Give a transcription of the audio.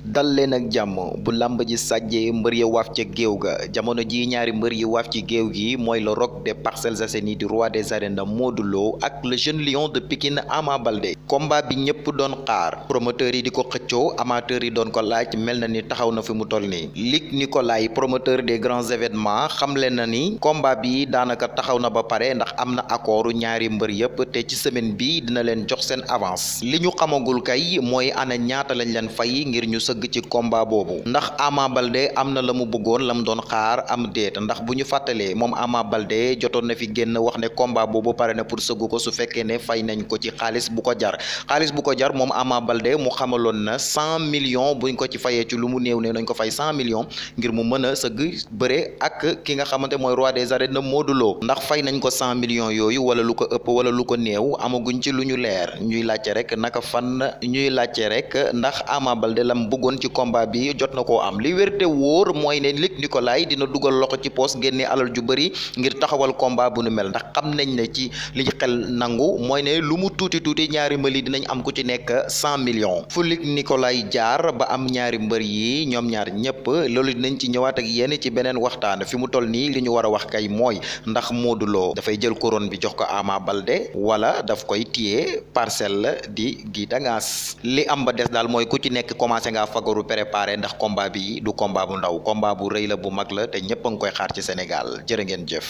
dal leen ak jàmm bu làmb ji sàjjee mbër ya waaf ca géew ga jamono ji ñaari mbër yi waaf ci géew gi mooy le roc des Parcelles Assainies du roi des arènes Modou Lo ak le jeune lion de Pikine Ama Baldé bi ñëpp doon xaar promoteur yi di ko xëccoo amateur yi doon ko laaj mel na ni taxaw na fi mu toll nii ni ko Nicolaï promoteur des grands événements xamle na ni combat bi daanaka taxaw na ba pare ndax am na accordu ñaari mbër yëpp te ci semaine bi dina leen jox seen avance li ñu xamagul kay mooy ana ñaata lañ leen fay ngir sëgg ci combat boobu ndax Ama Baldé am na la mu bëggoon la mu doon xaar am déet ndax bu ñu fàttalee moom Ama Baldé jotoon na fi génn wax ne combat boobu pare na pour sëgg ko su fekkee ne fay nañ ko ci xaalis bu ko jar xaalis bu ko jar moom Ama Baldé mu xamaloon na cent millions buñ ko ci fayee ci lu mu néew ne nañ ko fay cent ngir mu mën a sëgg bëre ak ki nga xamante mooy roi de arènes na Modou Lo ndax fay nañ ko cent millions yooyu wala lu ko ëpp wala lu ko néew amaguñ lu ñu leer ñuy bëggoon ci combat bi jot na koo am li wér te wóor mooy ne Luc Nicolaï dina dugal loxo ci poos génne alal ju bëri ngir taxawal komba bu nu mel ndax xam nañ ne ci li xel nangu mooy ne lu mu tuuti tuuti ñaari mbëri dinañ am ku ci nekk cent millions fu Luc Nicolaï jaar ba am ñaari mbër yi ñoom ñaar ñëpp loolu dinañ ci ñëwaat ak yéen ci beneen waxtaan fi mu toll nii li ñu war a wax kay mooy ndax Modou dafay jël couronne bi jox ko Ama Baldé wala daf koy téye parcelle di Guy Dagaas li am ba des daal mooy ku ci nekk commencé nga fagaru préparé ndax komba bii du combat bu ndaw komba bu rëy la bu mag la te ñëpp a ngi koy xaar ci senegal jërë ngeen jëf.